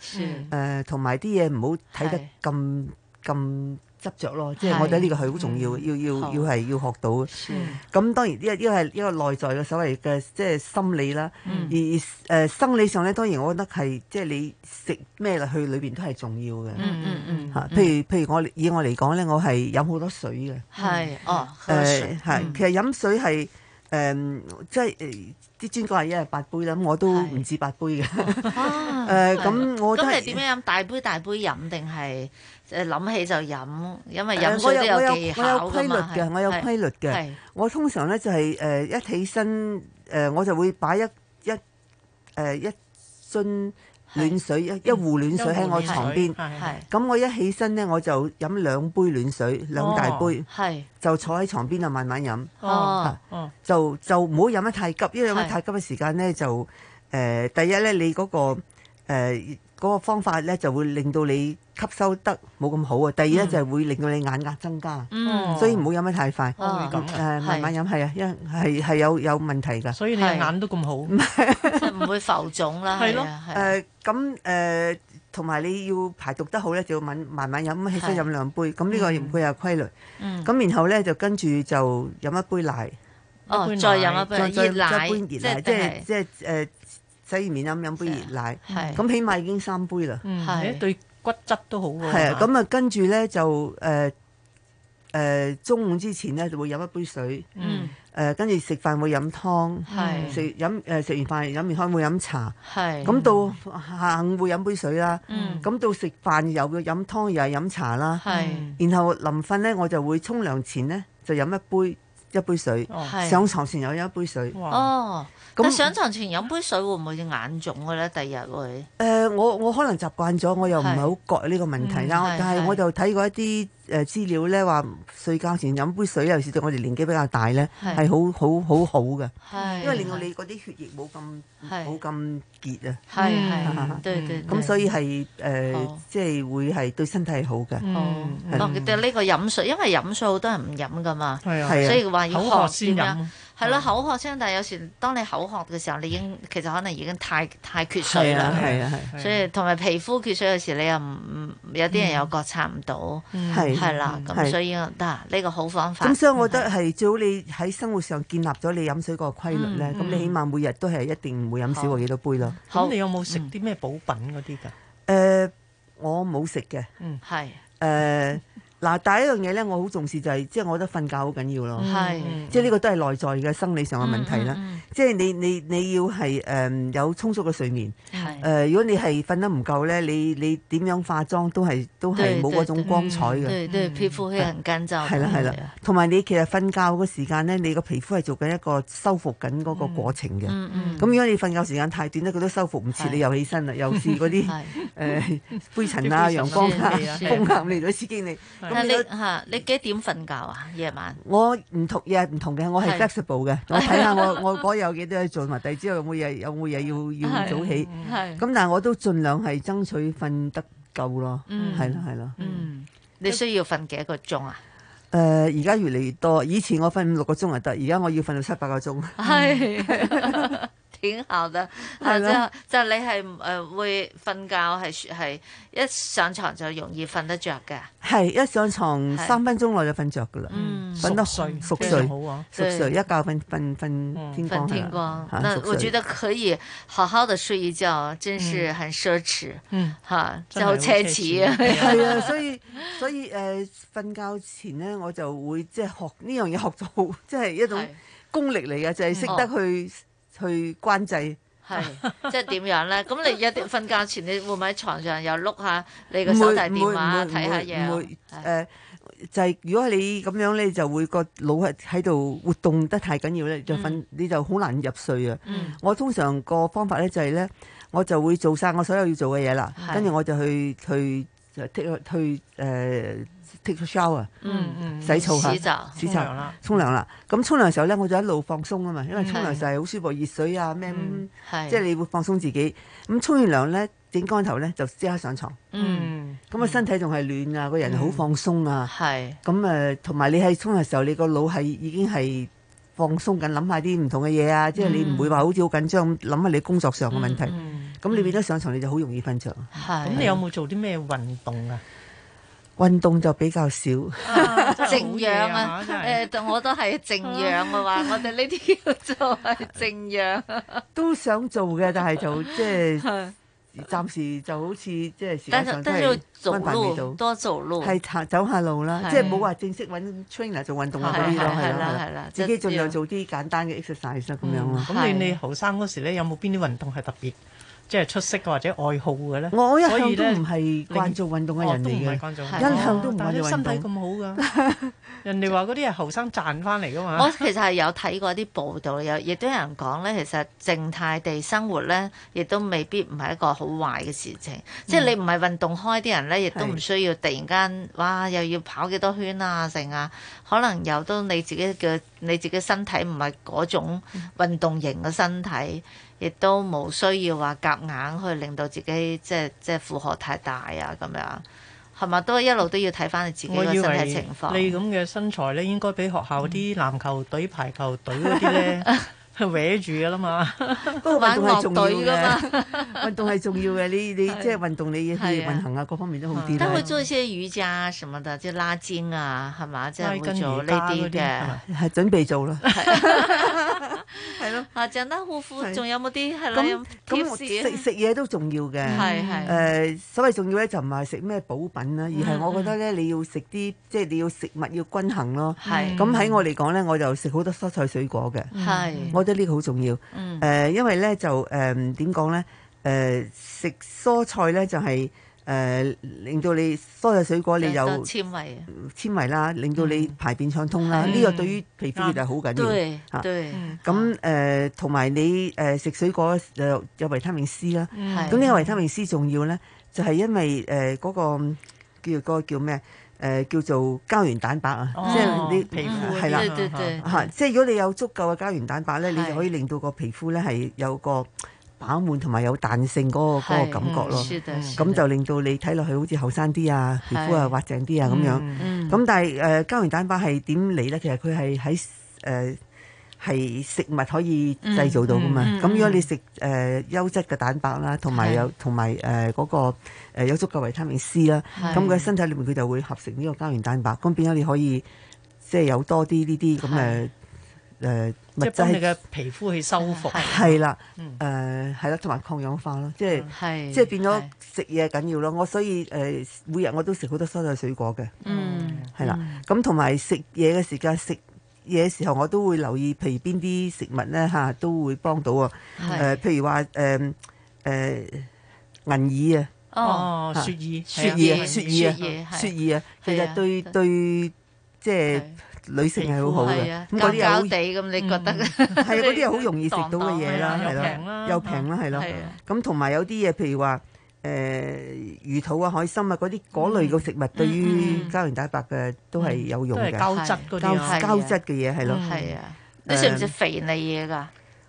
誒同埋啲嘢唔好睇得咁咁執着咯，即係我覺得呢個係好重要、嗯、要要要係要學到。咁當然，呢個呢個係一個內在嘅所謂嘅即係心理啦，嗯、而誒、呃、生理上咧，當然我覺得係即係你食咩去裏邊都係重要嘅、嗯嗯嗯。譬如譬如我以我嚟講咧，我係飲好多水嘅。係哦，誒、呃、係、哦，其實飲水係誒即係啲專家話一日八杯啦，咁我都唔止八杯嘅。哦。咁 我、呃，咁係點樣飲？大杯大杯飲定係？嗯嗯嗯嗯誒諗起就飲，因為飲水有技巧、呃、我有我有規律嘅。係。我有規律嘅，我通常呢就係、是、誒、呃、一起身誒、呃、我就會擺一一誒、呃、一樽暖水一一壺暖水喺我床邊。係咁我一起身呢，我就飲兩杯暖水，兩大杯。係。就坐喺床邊就慢慢飲、啊。哦。就就唔好飲得太急，因為飲得太急嘅時間呢，就誒、呃、第一呢，你嗰、那個、呃嗰個方法咧就會令到你吸收得冇咁好啊！第二咧就係會令到你眼壓增加，所以唔好飲得太快。誒慢慢飲係啊，因係係有有問題㗎。所以你眼都咁好，唔會浮腫啦。係咯。誒咁誒，同埋你要排毒得好咧，就要飲慢慢飲，起先飲兩杯。咁呢個唔會有規律。嗯。咁然後咧就跟住就飲一杯奶。哦，再飲一杯熱奶，即係即係即係誒。洗完面飲飲杯熱奶，咁、啊、起碼已經三杯啦。嗯，對骨質都好好。係啊，咁啊跟住咧就誒誒、呃呃、中午之前咧就會飲一杯水。嗯，誒跟住食飯會飲湯，係食飲誒食完飯飲完湯會飲茶，係咁到下午會飲杯水啦。嗯，咁到食飯又會飲湯又係飲茶啦。係，然後臨瞓咧我就會沖涼前咧就飲一杯。一杯水，上床前又一杯水。哦，咁上床前飲杯、哦、杯水會唔會眼腫嘅咧？第日會？誒、呃，我我可能習慣咗，我又唔係好覺呢個問題啦、嗯。但係我就睇過一啲。誒、呃、資料咧話，睡覺前飲杯水，尤其是對我哋年紀比較大咧，係好好好好嘅，因為令到你嗰啲血液冇咁冇咁結啊。咁、嗯嗯嗯、所以係、呃哦、即係會係對身體好嘅。哦，得呢、嗯這個飲水，因為飲水好多人唔飲噶嘛，係啊，所以話要好渴先飲係啦，口渴先，但係有時當你口渴嘅時候，你已經其實可能已經太太缺水啦。係啊，係啊，啊，啊，所以同埋皮膚缺水時，有時你又唔有啲人又覺察唔到。係、嗯、係啦，咁所以嗱，呢、啊這個好方法。咁、嗯、所以我覺得係最好你喺生活上建立咗你飲水個規律咧，咁你起碼每日都係一定唔會飲少過幾多杯咯。咁你有冇食啲咩補品嗰啲噶？誒，我冇食嘅。嗯，係、嗯、誒。嗱，第一樣嘢咧，我好重視就係、是，即係我覺得瞓覺好緊要咯。係、嗯，即係呢個都係內在嘅生理上嘅問題啦、嗯嗯。即係你你你要係誒、呃、有充足嘅睡眠。係、嗯。誒、呃，如果你係瞓得唔夠咧，你你點樣化妝都係都係冇嗰種光彩嘅。對，對，對、嗯、皮膚係好乾燥。係啦係啦，同埋你其實瞓覺嗰時間咧，你個皮膚係做緊一個修復緊嗰個過程嘅。咁、嗯嗯、如果你瞓覺的時間太短咧，佢都修復唔切，你又起身啦，又試嗰啲誒灰塵啊、陽光啊、風啊咁嚟到刺激你。你嚇，你幾點瞓覺啊？夜晚我唔同日唔同嘅，我係 flexible 嘅，我睇下我看看我嗰日有幾多嘢做，嘛， 第二朝有冇嘢，有冇嘢要要早起。係。咁但係我都儘量係爭取瞓得夠咯。嗯，係咯係咯。嗯，你需要瞓幾多個鐘啊？誒、呃，而家越嚟越多。以前我瞓五六個鐘啊得，而家我要瞓到七八個鐘。係。嗯 挺好嘅，就就你係誒會瞓覺係係一上床就容易瞓得着嘅。係一上床三分鐘內就瞓着噶啦，瞓、嗯、得熟熟睡，熟睡，好、啊、熟睡一覺瞓瞓瞓天光我覺得可以好好的睡一覺，嗯，真是很奢侈，吓真好奢侈啊！係啊， 所以所以誒瞓、呃、覺前咧，我就會即係、就是、學呢樣嘢，學到即係、就是、一種功力嚟嘅，就係、是、識得去。哦去關掣係， 即係點樣咧？咁你一啲瞓覺前，你會唔會喺床上又碌下你個手提電話睇下嘢？唔會，會會看呃、就係、是、如果你咁樣咧，你就會個腦係喺度活動得太緊要咧，就瞓、嗯、你就好難入睡啊、嗯！我通常個方法咧就係、是、咧，我就會做晒我所有要做嘅嘢啦，跟住我就去去就去退、呃 take shower 啊，嗯嗯，洗澡，洗澡，沖涼啦，沖涼啦。咁沖涼嘅時候咧，我就一路放鬆啊嘛，因為沖涼就係好舒服，熱水啊咩，即係、嗯就是、你會放鬆自己。咁沖完涼咧，整乾頭咧就即刻上床。嗯，咁、嗯、啊身體仲係暖、嗯嗯、啊，個人好放鬆啊。係。咁啊，同埋你喺沖涼時候，你個腦係已經係放鬆緊，諗下啲唔同嘅嘢啊，即、嗯、係、就是、你唔會話好似好緊張咁諗下你工作上嘅問題。咁、嗯嗯嗯、你變咗上床，你就好容易瞓着。咁你有冇做啲咩運動啊？運動就比較少，靜 養啊！誒、啊，我都係靜養嘅話，我哋呢啲叫做係靜養。都想做嘅，但係就即係 暫時就好似即係時間上都係温飯味道要多做，多走路係走下路啦，即係冇話正式揾 trainer 做運動嗰啲咯，係啦係啦，自己盡量做啲簡單嘅 exercise 咁、嗯、樣咯。咁、嗯、你你後生嗰時咧，有冇邊啲運動係特別？即係出色或者愛好嘅咧，我一向都唔係慣做運動嘅人嚟嘅，一向都唔係運動，哦運動哦。但身體咁好噶， 人哋話嗰啲係後生賺翻嚟噶嘛。我其實係有睇過啲報道，有亦都有人講咧，其實靜態地生活咧，亦都未必唔係一個好壞嘅事情。嗯、即係你唔係運動開啲人咧，亦都唔需要突然間哇又要跑幾多圈啊，成啊，可能有都你自己嘅你自己身體唔係嗰種運動型嘅身體。亦都冇需要話夾硬去令到自己即係即係負荷太大啊咁樣，係咪？都一路都要睇翻你自己個身體情況。你咁嘅身材咧，應該比學校啲籃球隊、嗯、排球隊嗰啲咧。 係搲住噶啦嘛，不過運動係重要嘛，運動係重要嘅。 你你即係運動，你去運行啊，各方面都好啲。都會做一些瑜伽什麼的，即係拉筋啊，係嘛，即係做呢啲嘅，係、啊、準備做啦。係 咯是的， 啊、護膚，仲有冇啲係咯？咁食食嘢，都重要嘅，係係。誒、呃，所謂重要咧，就唔係食咩補品啦，而係我覺得咧，你要食啲，即係你要食物要均衡咯。係。咁喺我嚟講咧，我就食好多蔬菜水果嘅。係。覺得呢個好重要，誒、呃，因為咧就誒點講咧，誒、呃呃、食蔬菜咧就係、是、誒、呃、令到你蔬菜水果，你有纖維，纖維啦，令到你排便暢通啦。呢、嗯，這個對於皮膚係好緊要。對、嗯、對，咁誒同埋你誒食水果有有維他命 C 啦。咁、嗯、呢個維他命 C 重要咧，就係、是、因為誒嗰、呃，那個那個叫個叫咩？誒、呃、叫做膠原蛋白啊、哦，即係啲皮膚係啦，嚇！即係如果你有足夠嘅膠原蛋白咧，你就可以令到個皮膚咧係有個飽滿同埋有彈性嗰個感覺咯。咁、嗯、就令到你睇落去好似後生啲啊，皮膚啊、滑淨啲啊咁樣。咁、嗯、但係誒、呃、膠原蛋白係點嚟咧？其實佢係喺誒。呃係食物可以製造到噶嘛？咁、嗯嗯嗯嗯、如果你食誒優質嘅蛋白啦，同埋有同埋誒嗰個有足夠維他命 C 啦，咁、那、佢、個、身體裡面佢就會合成呢個膠原蛋白。咁變咗你可以即係、就是、有多啲呢啲咁嘅誒物質，係幫你嘅皮膚去修復。係啦，誒係啦，同埋、嗯呃、抗氧化咯，即係即係變咗食嘢緊要咯。我所以誒、呃、每日我都食好多蔬菜水果嘅。嗯，係啦。咁同埋食嘢嘅時間食。嘢時候我都會留意，譬如邊啲食物咧嚇、啊、都會幫到喎。誒、呃，譬如話誒誒銀耳啊。哦，雪、啊、耳，雪耳，雪耳，雪耳啊、嗯、啊，啊！其實對、啊、對，即係、就是、女性係好好嘅。咁嗰啲又膠咁、啊，你覺得？係、嗯、啊，嗰啲又好容易食到嘅嘢啦，係、嗯、咯、啊，又平啦，係咯、啊。咁同埋有啲嘢，譬如話。誒、呃、魚肚啊、海參啊嗰啲嗰類嘅食物，對於膠原蛋白嘅都係有用嘅、嗯嗯嗯，都係膠質嘅嘢係咯。你食唔食肥膩嘢㗎？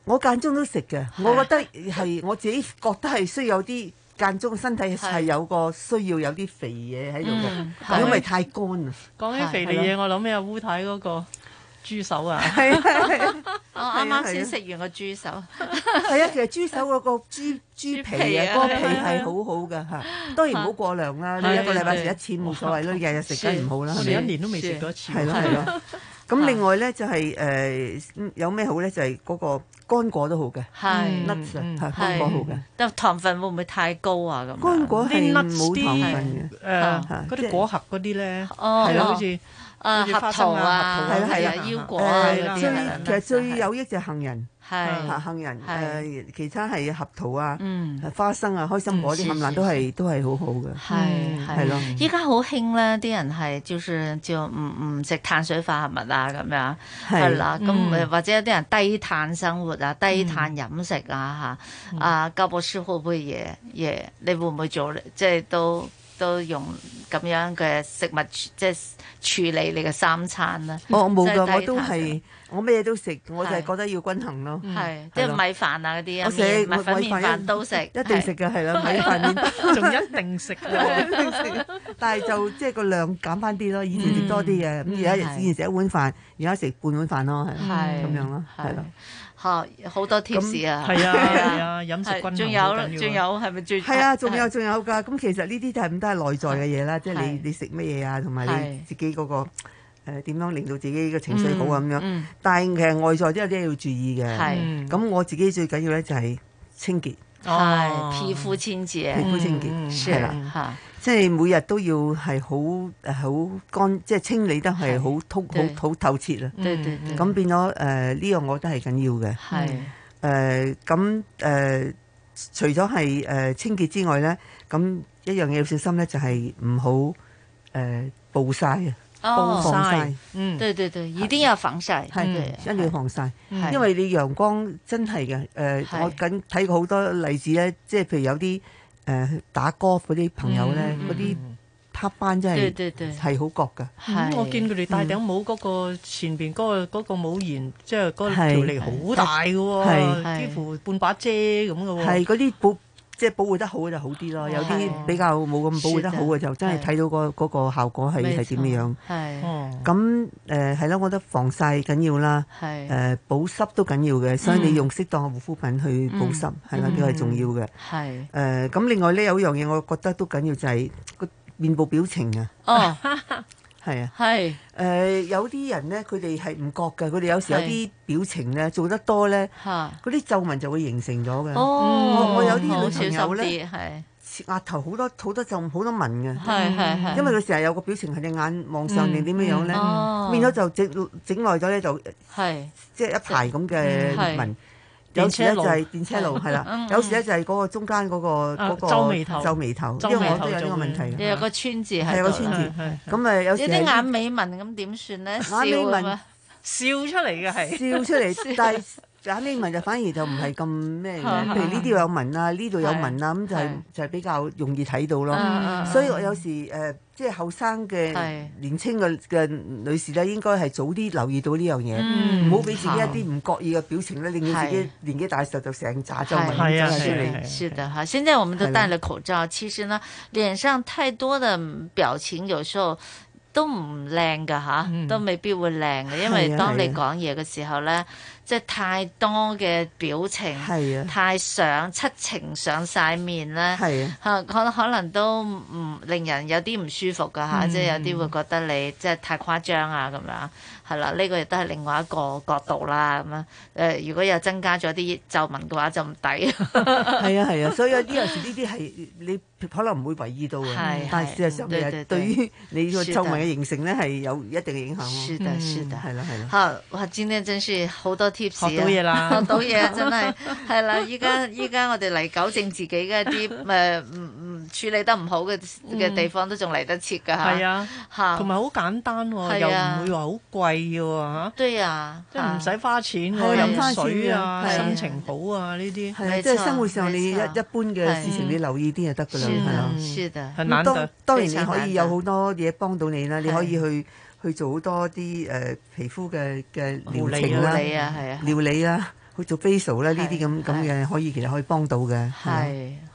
我間中都食嘅、啊，我覺得係我自己覺得係需要有啲間、啊、中身體係有個需要有啲肥嘢喺度因為太乾係啊。講起肥膩嘢，我諗起阿烏太嗰個豬手啊，係係、啊。係啊係啊 啱啱先食完個豬手，係 啊，啊，其實豬手嗰個豬，豬皮啊，嗰皮係、啊、好好噶嚇，當然唔好過量啦、啊。你、啊、一個禮拜食一次冇所謂咯，日日食都唔好啦。我、啊、一年都未食過一次、啊，係咯係咯。咁、啊啊啊嗯、另外咧就係誒有咩好咧？就係、是、嗰、呃就是、個乾果都好嘅，係 nuts 乾果好嘅。但係糖分會唔會太高啊？咁乾果係冇糖分嘅，嚇嚇，果核嗰啲咧，係啊，好似、啊。啊，核桃啊，係啦係啊腰果啊、呃，其實最有益就杏仁，係杏仁，誒、呃，其他係核桃啊，嗯、啊，花生啊，開心果啲冚唪唥都係都係好好嘅，係係咯，依家好興咧，啲人係就算就唔唔食碳水化合物啊咁樣，係啦，咁、嗯、或者有啲人低碳生活啊，低碳飲食啊嚇、嗯，啊夠唔夠杯嘢嘢，你會唔會做咧？即、就、係、是、都。都用咁樣嘅食物即係處理你嘅三餐啦。我冇㗎，我都係我乜嘢都食，我就係覺得要均衡咯。係即係米飯啊嗰啲啊，我食我飯，飯都食一定食嘅係啦，米飯麵仲一定食，食 但係就即係個量減返啲咯。以前食多啲嘅，而家以前食一碗飯，而家食半碗飯咯，係咁樣咯，係咯。好多貼士啊！係啊係啊，啊 飲食均衡好緊要，仲有仲、啊、有係咪最？係啊，仲有仲有㗎。咁其實呢啲就係咁多係內在嘅嘢啦，即係、就是、你你食乜嘢啊，同埋你自己嗰、那個誒點、呃、樣令到自己個情緒好咁樣、嗯。但係其實外在都有啲要注意嘅。係。咁我自己最緊要咧就係清潔，係皮膚清潔，皮膚清潔，係啦嚇。即係每日都要係好誒好乾，即係清理得係好通好好透徹啦。咁變咗誒呢樣我覺得係緊要嘅。誒咁誒除咗係誒清潔之外咧，咁一樣嘢要小心咧，就係唔好誒暴曬。啊、呃！暴曬，哦、晒嗯晒，對對對，一定要防曬，係一定要防曬！因為你陽光真係嘅誒，我緊睇過好多例子咧，即係譬如有啲。誒、呃，打 golf 嗰啲朋友咧，嗰啲塌班真係係好焗噶。咁、嗯、我見佢哋戴頂帽，嗰個前邊嗰、嗰個嗰、嗰個帽檐，即係嗰條脷好大噶、啊，幾乎半把遮咁噶。係啲即係保護得好嘅就好啲咯，有啲比較冇咁保護得好嘅就真係睇到個嗰個效果係係點樣。係，咁誒係啦，我覺得防曬緊要啦，誒、呃、保濕都緊要嘅，所以你用適當嘅護膚品去保濕係啦，呢、嗯、係重要嘅。係，誒、嗯、咁、呃、另外咧，有一樣嘢我覺得都緊要就係、是、個面部表情啊。哦。 係啊，係誒、呃、有啲人咧，佢哋係唔覺嘅，佢哋有時有啲表情咧、啊、做得多咧，嗰啲皺紋就會形成咗嘅。哦，我，我有啲老朋友咧，額頭好多好多皺好多紋嘅、嗯，因為佢成日有個表情係隻眼望上面點、嗯、樣樣咧，變、嗯、咗、嗯、就整整耐咗咧就係即係一排咁嘅紋。有時咧就係電車路，係 啦、嗯嗯。有時咧就係嗰個中間嗰、嗰個嗰、啊嗰個皺眉頭，因皺眉頭呢、呢個我都係一個問題。有個川字係，咁咪有，有時有啲眼尾紋咁點算咧？眼尾紋笑出嚟嘅係。笑出嚟但係。 假面紋就反而就唔係咁咩，譬如呢啲有紋啊，呢 度有紋啊，咁就係就係比較容易睇到咯、嗯。所以我有時，誒、嗯呃，即係後生嘅年青嘅嘅女士咧，應該係早啲留意到呢樣嘢，唔好俾自己一啲唔覺意嘅表情咧、嗯，令到自己年紀大時就就成紮皺紋。係啊，係、嗯、啊、嗯嗯，是的哈。現在我們都戴了口罩，口罩其實呢，臉上太多的表情，有時候。都唔靚噶嚇，都未必會靚嘅，因為當你講嘢嘅時候咧、啊，即係太多嘅表情，啊、太上七情上晒面咧，嚇可、啊、可能都唔令人有啲唔舒服噶嚇、嗯，即係有啲會覺得你即係太誇張啊咁樣，係啦，呢個亦都係另外一個角度啦咁樣。誒、呃，如果又增加咗啲皺紋嘅話就不，就唔抵。係啊係啊，所以有啲有時呢啲係你。可能唔會違意到啊，但係事實上係對你個臭味嘅形成咧係有一定嘅影響咯。是的，是的，係啦，係啦。嚇！哇，今天真係好多 t i 到嘢啦，學到嘢 真係係啦！依家依家我哋嚟糾正自己嘅一啲誒、 呃、處理得唔好嘅嘅地方都仲嚟得切㗎嚇。係、嗯、啊，同埋好簡單喎、啊啊，又唔會話好貴嘅、啊、嚇。對啊，唔、就、使、是、花錢嘅，飲水啊，心、啊、情好啊，呢啲。即係生活上你一般嘅事情是、嗯、你留意啲就得㗎啦。嗯，係啊。咁、嗯、當當然你可以有好多嘢幫到你啦，你可以去去做好多啲誒、呃、皮膚嘅嘅療程啦、啊，料理啦，去做 facial 啦，呢啲咁咁嘅可以其實可以幫到嘅。係。